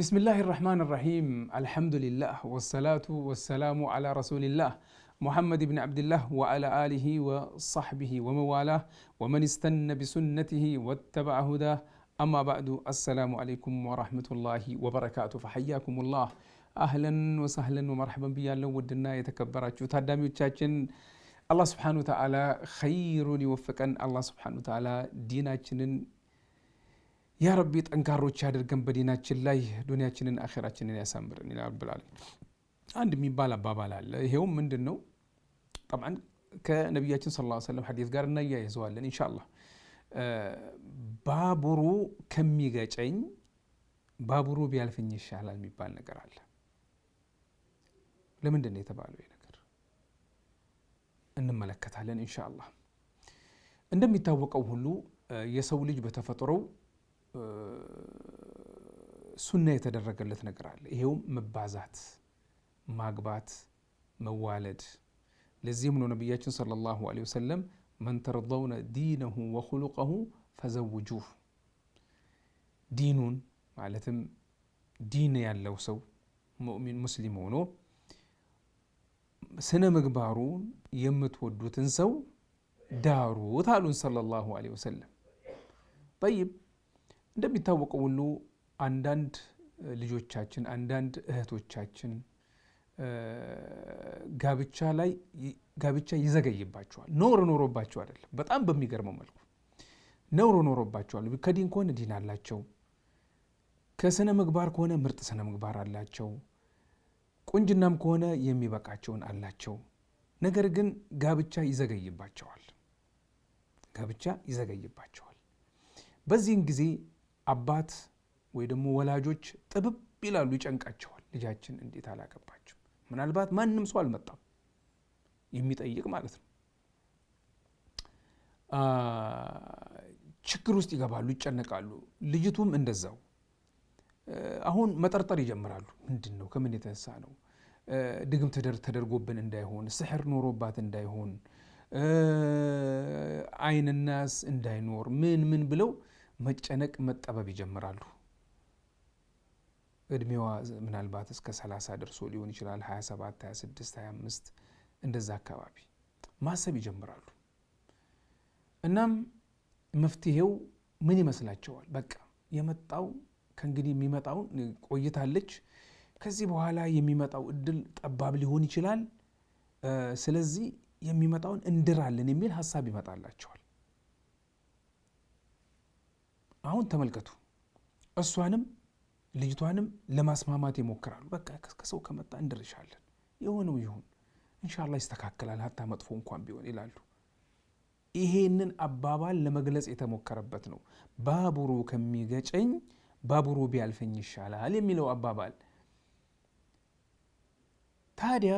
بسم الله الرحمن الرحيم الحمد لله والصلاة والسلام على رسول الله محمد بن عبد الله وعلى آله وصحبه وموالاه ومن استنى بسنته واتبع هداه أما بعد السلام عليكم ورحمة الله وبركاته فحياكم الله أهلا وسهلا ومرحبا بيا لو ودنا يتكبراتشو تادامي الله سبحانه وتعالى خير يوفقن الله سبحانه وتعالى ديناتنا ያ ረቢ ጠንካሮች ያደርገን በዲናችን ላይ ዱንያችንን አኼራችንን ያሳምርን ይላል ብላል። አንድ የሚባል አባባል አለ። ይሄውም ምንድን ነው? ጠብዓን ከነቢያችን ሰለላሁ ዐለይሂ ወሰለም ሐዲስ ጋር እናያይዘዋለን ኢንሻአላህ። ባቡሩ ከሚገጨኝ ባቡሩ ቢያልፍኝ ይሻላል የሚባል ነገር አለ። ለምንድን ነው የተባለው? ይሄ ነገር እንመለከታለን ኢንሻአላህ። እንደሚታወቀው ሁሉ የሰው ልጅ በተፈጥሮው ሱና የተደረገለት ነገር አለ። ይሄውም መባዛት፣ ማግባት፣ መዋለድ። ለዚህም ነው ነቢያችን ሰለላሁ ዐለይሂ ወሰለም መን ተርደውነ ዲነሁ ወኹሉቀሁ ፈዘውጁ ዲኑን ማለትም ዲን ያለው ሰው ሙእሚን ሙስሊም ሆኖ ስነ ምግባሩን የምትወዱትን ሰው ዳሩት አሉን ሰለላሁ ዐለይሂ ወሰለም። ጠይብ እንደሚታወቀው ሁሉ አንዳንድ ልጆቻችን አንዳንድ እህቶቻችን ጋብቻ ላይ ጋብቻ ይዘገይባቸዋል። ኖር ኖሮባቸው አይደለም፣ በጣም በሚገርመው መልኩ ነውሮ ኖሮባቸዋል። ከዲን ከሆነ ዲን አላቸው፣ ከስነ ምግባር ከሆነ ምርጥ ስነ ምግባር አላቸው፣ ቁንጅናም ከሆነ የሚበቃቸውን አላቸው። ነገር ግን ጋብቻ ይዘገይባቸዋል፣ ጋብቻ ይዘገይባቸዋል። በዚህን ጊዜ አባት ወይ ደግሞ ወላጆች ጥብብ ይላሉ፣ ይጨንቃቸዋል። ልጃችን እንዴት አላገባችም? ምናልባት ማንም ሰው አልመጣም የሚጠይቅ ማለት ነው። ችግር ውስጥ ይገባሉ፣ ይጨነቃሉ። ልጅቱም እንደዛው አሁን መጠርጠር ይጀምራሉ። ምንድን ነው? ከምን የተነሳ ነው? ድግም ተደርጎብን እንዳይሆን፣ ስሕር ኖሮባት እንዳይሆን፣ አይንናስ እንዳይኖር ምን ምን ብለው መጨነቅ፣ መጠበብ ይጀምራሉ። እድሜዋ ምናልባት እስከ 30 ደርሶ ሊሆን ይችላል። 27፣ 26፣ 25 እንደዛ አካባቢ ማሰብ ይጀምራሉ። እናም መፍትሄው ምን ይመስላቸዋል? በቃ የመጣው ከእንግዲህ የሚመጣውን ቆይታለች። ከዚህ በኋላ የሚመጣው እድል ጠባብ ሊሆን ይችላል። ስለዚህ የሚመጣውን እንድራለን የሚል ሀሳብ ይመጣላቸዋል። አሁን ተመልከቱ። እሷንም ልጅቷንም ለማስማማት ይሞክራሉ። በቃ ከሰው ከመጣ እንድርሻለን የሆነው ይሁን፣ እንሻላ ይስተካከላል፣ ሀታ መጥፎ እንኳን ቢሆን ይላሉ። ይሄንን አባባል ለመግለጽ የተሞከረበት ነው። ባቡሩ ከሚገጨኝ ባቡሩ ቢያልፈኝ ይሻላል የሚለው አባባል ታዲያ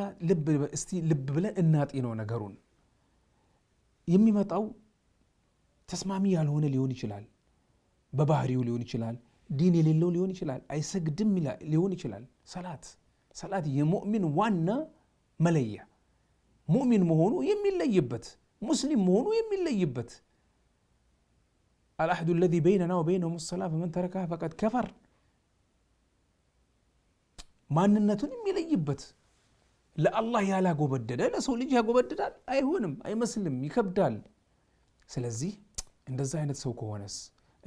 እስቲ ልብ ብለን እናጤ ነው ነገሩን የሚመጣው ተስማሚ ያልሆነ ሊሆን ይችላል በባህሪው ሊሆን ይችላል። ዲን የሌለው ሊሆን ይችላል። አይሰግድም ሊሆን ይችላል። ሰላት ሰላት የሙእሚን ዋና መለያ ሙእሚን መሆኑ የሚለይበት ሙስሊም መሆኑ የሚለይበት አልአህዱ አለዚ በይነና ወበይነሁም ሰላህ ፈመን ተረከሃ ፈቀድ ከፈር ማንነቱን የሚለይበት ለአላህ ያላጎበደደ ለሰው ልጅ ያጎበድዳል? አይሆንም፣ አይመስልም፣ ይከብዳል። ስለዚህ እንደዛ አይነት ሰው ከሆነስ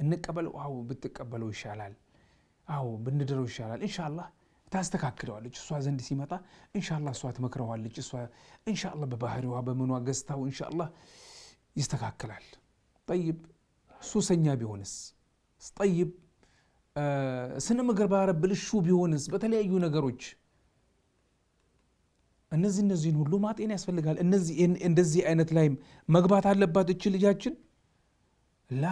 እንቀበለው። አዎ ብትቀበለው ይሻላል። አዎ ብንድረው ይሻላል። ኢንሻላህ ታስተካክለዋለች። እሷ ዘንድ ሲመጣ እንሻላ እሷ ትመክረዋለች። እሷ እንሻላ በባህሪዋ በምኗ ገዝታው ኢንሻላህ ይስተካከላል። ጠይብ ሱሰኛ ቢሆንስ? ጠይብ ስነ ምግባር ብልሹ ቢሆንስ? በተለያዩ ነገሮች እነዚህ እነዚህን ሁሉ ማጤን ያስፈልጋል። እንደዚህ አይነት ላይም መግባት አለባት እች ልጃችን ላ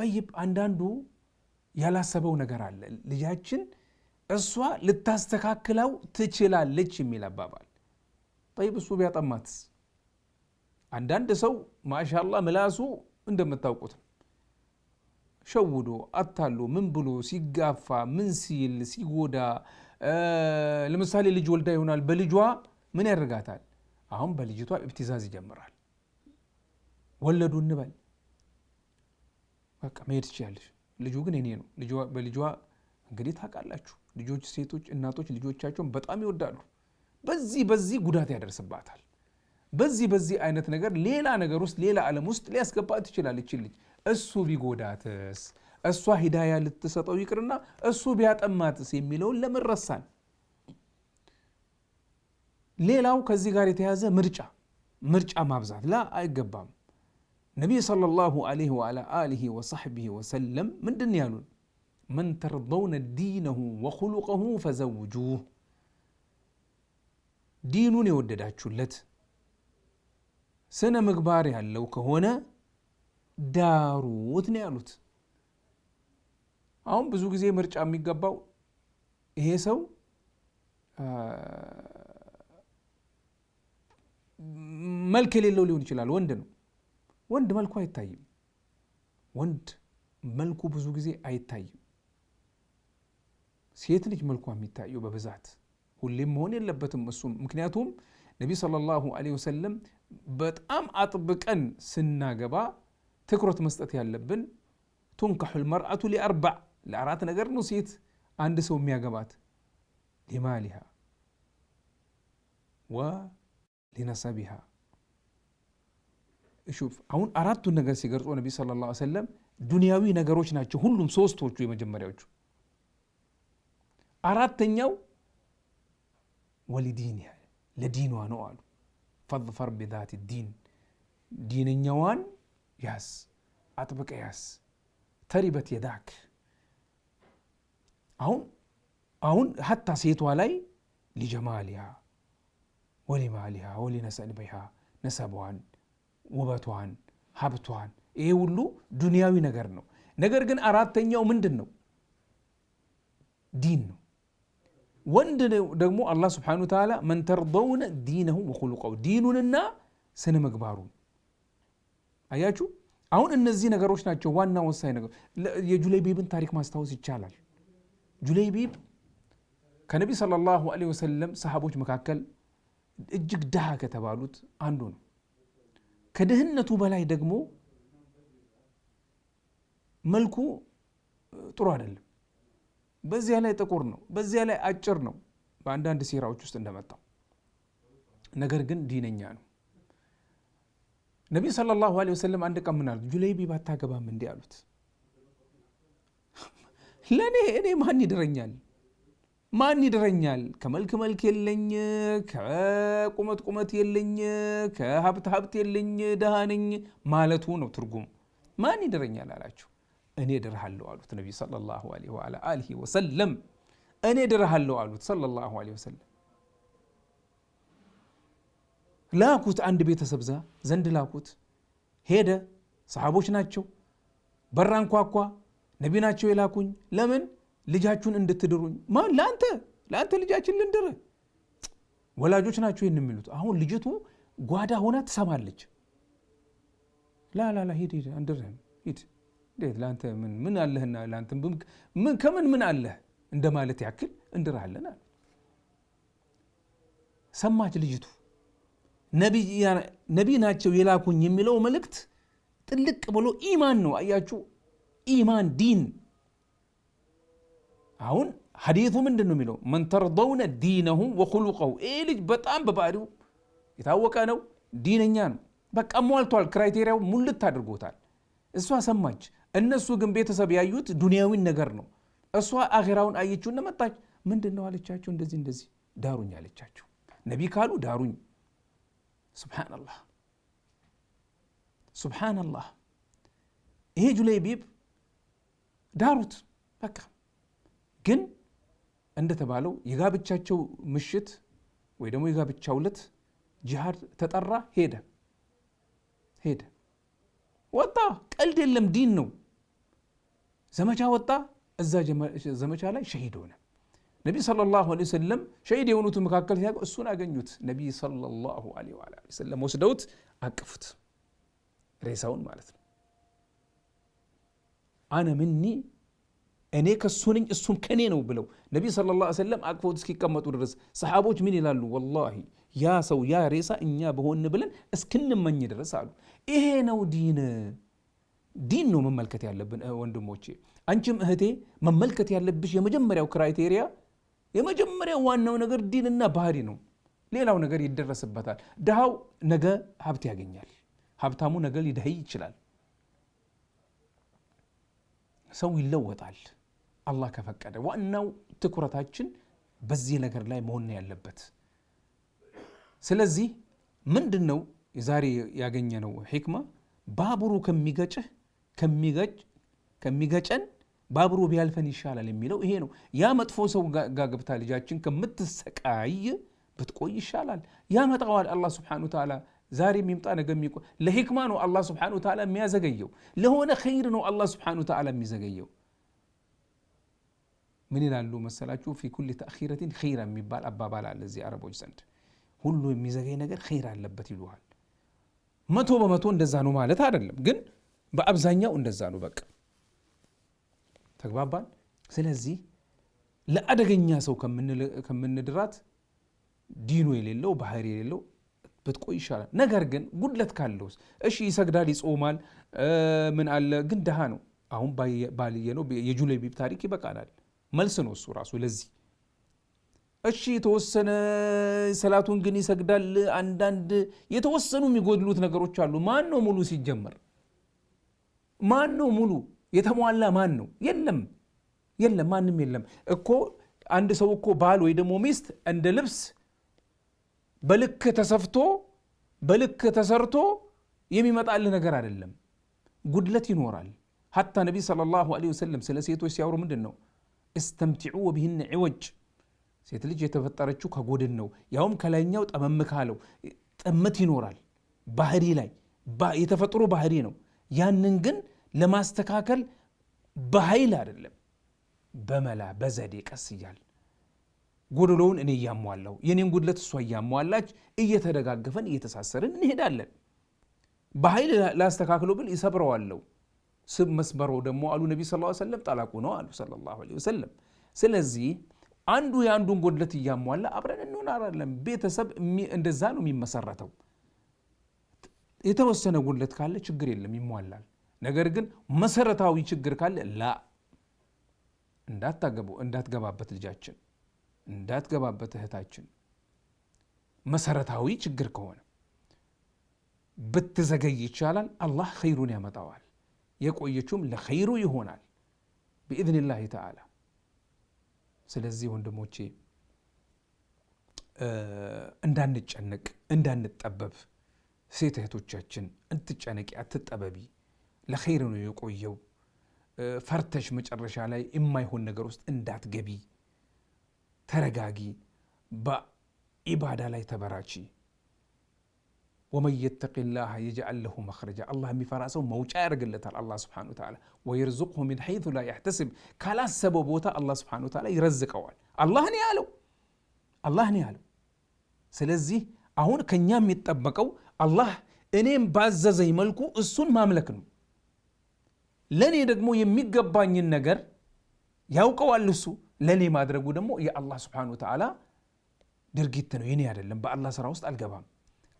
ጠይብ አንዳንዱ ያላሰበው ነገር አለ። ልጃችን እሷ ልታስተካክለው ትችላለች የሚል አባባል ጠይብ፣ እሱ ቢያጠማት አንዳንድ ሰው ማሻላ ምላሱ እንደምታውቁት ሸውዶ አታሎ ምን ብሎ ሲጋፋ ምን ሲል ሲጎዳ፣ ለምሳሌ ልጅ ወልዳ ይሆናል። በልጇ ምን ያደርጋታል? አሁን በልጅቷ እብትዛዝ ይጀምራል። ወለዱ እንበል በቃ መሄድ ትችላለች። ልጁ ግን እኔ ነው። በልጇ እንግዲህ ታውቃላችሁ፣ ልጆች ሴቶች እናቶች ልጆቻቸውን በጣም ይወዳሉ። በዚህ በዚህ ጉዳት ያደርስባታል። በዚህ በዚህ አይነት ነገር ሌላ ነገር ውስጥ ሌላ ዓለም ውስጥ ሊያስገባት ትችላል። ልጅ እሱ ቢጎዳትስ እሷ ሂዳያ ልትሰጠው ይቅርና እሱ ቢያጠማትስ የሚለውን ለምን ረሳን? ሌላው ከዚህ ጋር የተያዘ ምርጫ ምርጫ ማብዛት ላ አይገባም። نبي صلى الله عليه وعلى آله وصحبه وسلم من دنيان من ترضون دينه وخلقه فزوجوه دينون يوددها سنة مقباري لو كهونا دارو وتنيالوت አሁን ብዙ ጊዜ ምርጫ የሚገባው ይሄ ሰው መልክ የሌለው ሊሆን ይችላል ወንድ ነው ወንድ መልኩ አይታይም። ወንድ መልኩ ብዙ ጊዜ አይታይም። ሴት ልጅ መልኳ የሚታየው በብዛት ሁሌም መሆን የለበትም እሱም። ምክንያቱም ነቢ ሰለላሁ ዐለይሂ ወሰለም በጣም አጥብቀን ስናገባ ትኩረት መስጠት ያለብን ቱንካሑል መርአቱ ሊአርባዕ ለአራት ነገር ነው ሴት አንድ ሰው የሚያገባት ሊማሊሃ ወሊነሰቢሃ እሹፍ አሁን አራቱን ነገር ሲገልጹ ነቢ ሰለላሁ ዐለይሂ ወሰለም ዱንያዊ ነገሮች ናቸው። ሁሉም ሶስቶቹ የመጀመሪያዎቹ አራተኛው ወሊዲን ለዲኗ ነው አሉ። ፈድፈር ቢዛቲ ዲን ዲንኛዋን ያስ አጥብቀ ያስ ተሪበት የዳክ አሁን አሁን ሀታ ሴቷ ላይ ሊጀማሊሃ ወሊማሊሃ ወሊነሰቢሃ ነሰቧን ውበቷን፣ ሀብቷን ይሄ ሁሉ ዱንያዊ ነገር ነው። ነገር ግን አራተኛው ምንድን ነው? ዲን ነው። ወንድ ደግሞ አላህ ስብሓነሁ ወተዓላ መን ተርደውነ ዲነሁ ወኹሉቀሁ ዲኑንና ስነ ምግባሩን አያችሁ። አሁን እነዚህ ነገሮች ናቸው ዋና ወሳኝ ነገር። የጁለይቢብን ታሪክ ማስታወስ ይቻላል። ጁለይቢብ ከነቢ ሰለላሁ ዐለይሂ ወሰለም ሰሃቦች መካከል እጅግ ድሃ ከተባሉት አንዱ ነው። ከድህነቱ በላይ ደግሞ መልኩ ጥሩ አይደለም። በዚያ ላይ ጥቁር ነው፣ በዚያ ላይ አጭር ነው። በአንዳንድ ሴራዎች ውስጥ እንደመጣው ነገር ግን ዲነኛ ነው። ነቢዩ ሰለላሁ ዐለይሂ ወሰለም አንድ ቀን ምን አሉት? ጁለይቢ ባታገባም እንዲህ አሉት። ለእኔ እኔ ማን ይድረኛል? ማን ይድረኛል? ከመልክ መልክ የለኝ፣ ከቁመት ቁመት የለኝ፣ ከሀብት ሀብት የለኝ፣ ድሃ ነኝ ማለቱ ነው ትርጉሙ። ማን ይድረኛል አላችሁ፣ እኔ ድርሃለሁ አሉት ነቢይ ሰለላሁ ዐለይሂ ወሰለም። እኔ ድርሃለሁ አሉት ሰለላሁ ዐለይሂ ወሰለም። ላኩት አንድ ቤተሰብ ዛ ዘንድ ላኩት። ሄደ። ሰሃቦች ናቸው። በራንኳኳ ነቢ ናቸው የላኩኝ ለምን ልጃችሁን እንድትድሩኝ ማን ለአንተ ለአንተ ልጃችን ልንድር ወላጆች ናቸው ይህን የሚሉት። አሁን ልጅቱ ጓዳ ሆና ትሰማለች። ላላላ ሂድ ሂድ አንድርህን ሂድ እንዴት ለአንተ ምን ምን አለህና ለአንተ ምን ከምን ምን አለህ እንደማለት ያክል እንድርሃለን አለ። ሰማች ልጅቱ። ነቢ ናቸው የላኩኝ የሚለው መልእክት ጥልቅ ብሎ ኢማን ነው። አያችሁ ኢማን ዲን አሁን ሀዲቱ ምንድን ነው የሚለው? መን ተርደውነ ዲነሁ ወኹሉቀሁ ይህ ልጅ በጣም በባህሪው የታወቀ ነው፣ ዲነኛ ነው። በቃ ሟልቷል፣ ክራይቴሪያው ሙልት አድርጎታል። እሷ ሰማች። እነሱ ግን ቤተሰብ ያዩት ዱንያዊን ነገር ነው። እሷ አኼራውን አየችው። እነመጣች ምንድን ነው አለቻቸው፣ እንደዚህ እንደዚህ ዳሩኝ አለቻቸው። ነቢ ካሉ ዳሩኝ። ሱብሓነላህ ሱብሓነላህ። ይሄ ጁለይቢብ ዳሩት በቃ ግን እንደተባለው የጋብቻቸው ምሽት ወይ ደግሞ የጋብቻ ውለት ጂሃድ ተጠራ፣ ሄደ ሄደ ወጣ። ቀልድ የለም፣ ዲን ነው። ዘመቻ ወጣ። እዛ ዘመቻ ላይ ሸሂድ ሆነ። ነቢይ ሰለላሁ ዐለይሂ ወሰለም ሸሂድ የሆኑት መካከል እሱን አገኙት። ነቢይ ሰለላሁ ዐለይሂ ወሰለም ወስደውት አቅፉት፣ ሬሳውን ማለት ነው። አነ ምኒ እኔ ከሱ ነኝ እሱም ከኔ ነው ብለው ነቢ ሰለላሁ ዐለይሂ ወሰለም አቅፎት እስኪቀመጡ ድረስ ሰሓቦች ምን ይላሉ? ወላሂ ያ ሰው ያ ሬሳ እኛ በሆን ብለን እስክንመኝ ድረስ አሉ። ይሄ ነው ዲን። ዲን ነው መመልከት ያለብን ወንድሞቼ፣ አንቺም እህቴ መመልከት ያለብሽ የመጀመሪያው ክራይቴሪያ፣ የመጀመሪያው ዋናው ነገር ዲንና ባህሪ ነው። ሌላው ነገር ይደረስበታል። ድሃው ነገ ሀብት ያገኛል። ሀብታሙ ነገ ሊደህይ ይችላል። ሰው ይለወጣል። አላህ ከፈቀደ ዋናው ትኩረታችን በዚህ ነገር ላይ መሆን ያለበት። ስለዚህ ምንድን ነው የዛሬ ያገኘነው ሂክማ? ባቡሩ ከሚገጭህ ከሚገጨን ባቡሩ ቢያልፈን ይሻላል የሚለው ይሄ ነው። ያ መጥፎ ሰው ጋ ገብታ ልጃችን ከምትሰቃይ ብትቆይ ይሻላል። ያመጣዋል አላህ ስብሓነሁ ወተዓላ። ዛሬ የሚምጣ ነገ ለሂክማ ነው አላህ ስብሓነሁ ወተዓላ የሚያዘገየው። ለሆነ ኸይር ነው አላህ ስብሓነሁ ወተዓላ የሚዘገየው። ምን ይላሉ መሰላችሁ? ፊ ኩል ተእኺረትን ኸይር የሚባል አባባል አለ እዚህ አረቦች ዘንድ። ሁሉ የሚዘገይ ነገር ኸይር አለበት ይሉሃል። መቶ በመቶ እንደዛ ነው ማለት አይደለም፣ ግን በአብዛኛው እንደዛ ነው። በቃ ተግባባን። ስለዚህ ለአደገኛ ሰው ከምንድራት ዲኑ የሌለው ባህር የሌለው ብትቆይ ይሻላል። ነገር ግን ጉድለት ካለውስ እሺ፣ ይሰግዳል፣ ይጾማል፣ ምን አለ ግን ድሃ ነው። አሁን ባልየ ነው የጁለይቢብ ታሪክ ይበቃናል። መልስ ነው እሱ ራሱ ለዚህ። እሺ የተወሰነ ሰላቱን ግን ይሰግዳል። አንዳንድ የተወሰኑ የሚጎድሉት ነገሮች አሉ። ማን ነው ሙሉ? ሲጀመር ማን ነው ሙሉ? የተሟላ ማን ነው? የለም፣ የለም፣ ማንም የለም እኮ አንድ ሰው እኮ ባል ወይ ደግሞ ሚስት እንደ ልብስ በልክ ተሰፍቶ በልክ ተሰርቶ የሚመጣልህ ነገር አይደለም። ጉድለት ይኖራል። ሀታ ነቢ ሰለላሁ ዐለይሂ ወሰለም ስለ ሴቶች ሲያወሩ ምንድን ነው እስተምቲዑ ወቢህን ዕወጅ ሴት ልጅ የተፈጠረችው ከጎድን ነው፣ ያውም ከላይኛው ጠመም ካለው ጥመት ይኖራል ባህሪ ላይ የተፈጥሮ ባህሪ ነው። ያንን ግን ለማስተካከል በኃይል አይደለም፣ በመላ በዘዴ ቀስ እያል ጎደሎውን እኔ እያሟላው የኔን ጉድለት እሷ እያሟላች እየተደጋገፈን እየተሳሰርን እንሄዳለን። በኃይል ላስተካክሎ ብል ይሰብረዋለሁ። ስብ መስመሮ ደግሞ አሉ ነቢ ስ ሰለም ጠላቁ ነው አሉ ሰለላሁ ዐለይሂ ወሰለም። ስለዚህ አንዱ የአንዱን ጎድለት እያሟላ አብረን እንሆናለን። ቤተሰብ እንደዛ ነው የሚመሰረተው። የተወሰነ ጎድለት ካለ ችግር የለም ይሟላል። ነገር ግን መሰረታዊ ችግር ካለ ላ እንዳትገባበት ልጃችን እንዳትገባበት እህታችን፣ መሰረታዊ ችግር ከሆነ ብትዘገይ ይቻላል፣ አላህ ኸይሩን ያመጣዋል። የቆየችውም ለኸይሩ ይሆናል ቢኢዝኒላህ ተዓላ። ስለዚህ ወንድሞቼ እንዳንጨነቅ፣ እንዳንጠበብ ሴት እህቶቻችን እንትጨነቂ፣ አትጠበቢ። ለኸይር ነው የቆየው። ፈርተሽ መጨረሻ ላይ የማይሆን ነገር ውስጥ እንዳትገቢ። ተረጋጊ። በኢባዳ ላይ ተበራቺ። ومن يتق الله يجعل له مخرجا الله مي فراسو مو الله سبحانه وتعالى ويرزقه من حيث لا يحتسب كلا سبب الله سبحانه وتعالى يرزقه الله ني الله ني قالو سلازي اهون كنيا متطبقو الله انيم باز زي ملكو اسون مملك نو لني دغمو يميغباني النجر ياوقو لسو لني ما درغو دمو يا الله سبحانه وتعالى درغيتنو يني ادلم بالله سراوست الغبام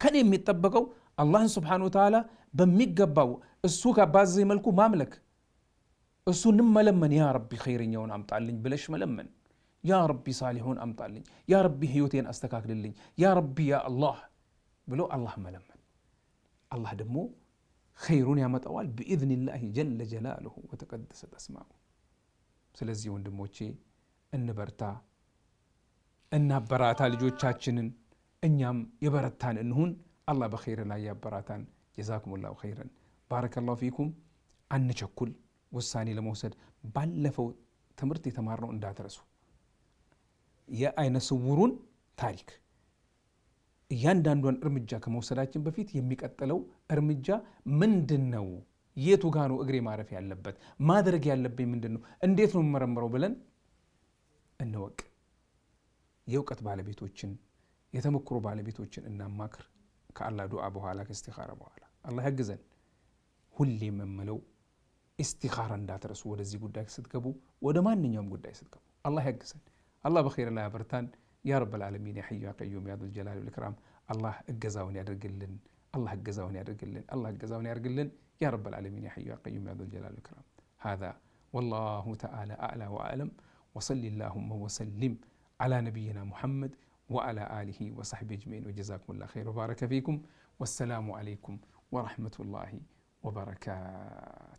ከኔ የሚጠበቀው አላህን ስብሓነ ወተዓላ በሚገባው እሱ ጋር መልኩ ማምለክ፣ እሱንም መለመን። ያ ረቢ ኸይርኛውን አምጣልኝ ብለሽ መለመን። ያ ረቢ ሳሊሑን አምጣልኝ፣ ያ ረቢ ህይወቴን አስተካክልልኝ፣ ያ ረቢ ያ አላህ ብሎ አላህ መለመን። አላህ ደግሞ ኸይሩን ያመጣዋል ብኢዝኒላሂ ጀለ ጀላሉሁ ወተቀደሰት አስማዑ። ስለዚህ ወንድሞቼ እንበርታ፣ እናበራታ ልጆቻችንን እኛም የበረታን እንሁን። አላህ በኸይር ላይ ያበራታን። ጀዛኩሙላሁ ኸይረን። ባረከላሁ ፊኩም። አንቸኩል ውሳኔ ለመውሰድ ባለፈው ትምህርት የተማርነው እንዳትረሱ። የአይነ ስውሩን ታሪክ እያንዳንዷን እርምጃ ከመውሰዳችን በፊት የሚቀጥለው እርምጃ ምንድን ነው? የቱ ጋ ነው እግሬ ማረፍ ያለበት? ማድረግ ያለብኝ ምንድን ነው? እንዴት ነው የምመረምረው? ብለን እንወቅ። የእውቀት ባለቤቶችን የተሞክሮ ባለቤቶችን እናማክር። ከአላህ ዱዓ በኋላ ከእስቲኻራ በኋላ አላህ ያግዘን። ሁሌ የምምለው ኢስቲኻራ እንዳትረሱ። ወደዚህ ጉዳይ ስትገቡ፣ ወደ ማንኛውም ጉዳይ ስትገቡ አላህ ያግዘን። አላህ በኸይር ላይ ያበርታን። ያ ረበል ዓለሚን ያ ሐዩ ያ ቀዩም ያ ዙል ጀላሊ ወል ኢክራም። አላህ እገዛውን ያደርግልን። አላህ እገዛውን ያደርግልን። አላህ እገዛውን ያደርግልን። ያ ረበል ዓለሚን ያ ሐዩ ያ ቀዩም ያ ዙል ጀላሊ ወል ኢክራም። ሀዛ ወላሁ ተዓላ አዕላ ወአዕለም። ወሰሊ ላሁመ ወሰሊም ዓላ ነቢይና ሙሐመድ وعلى آله وصحبه أجمعين وجزاكم الله خير وبارك فيكم والسلام عليكم ورحمة الله وبركاته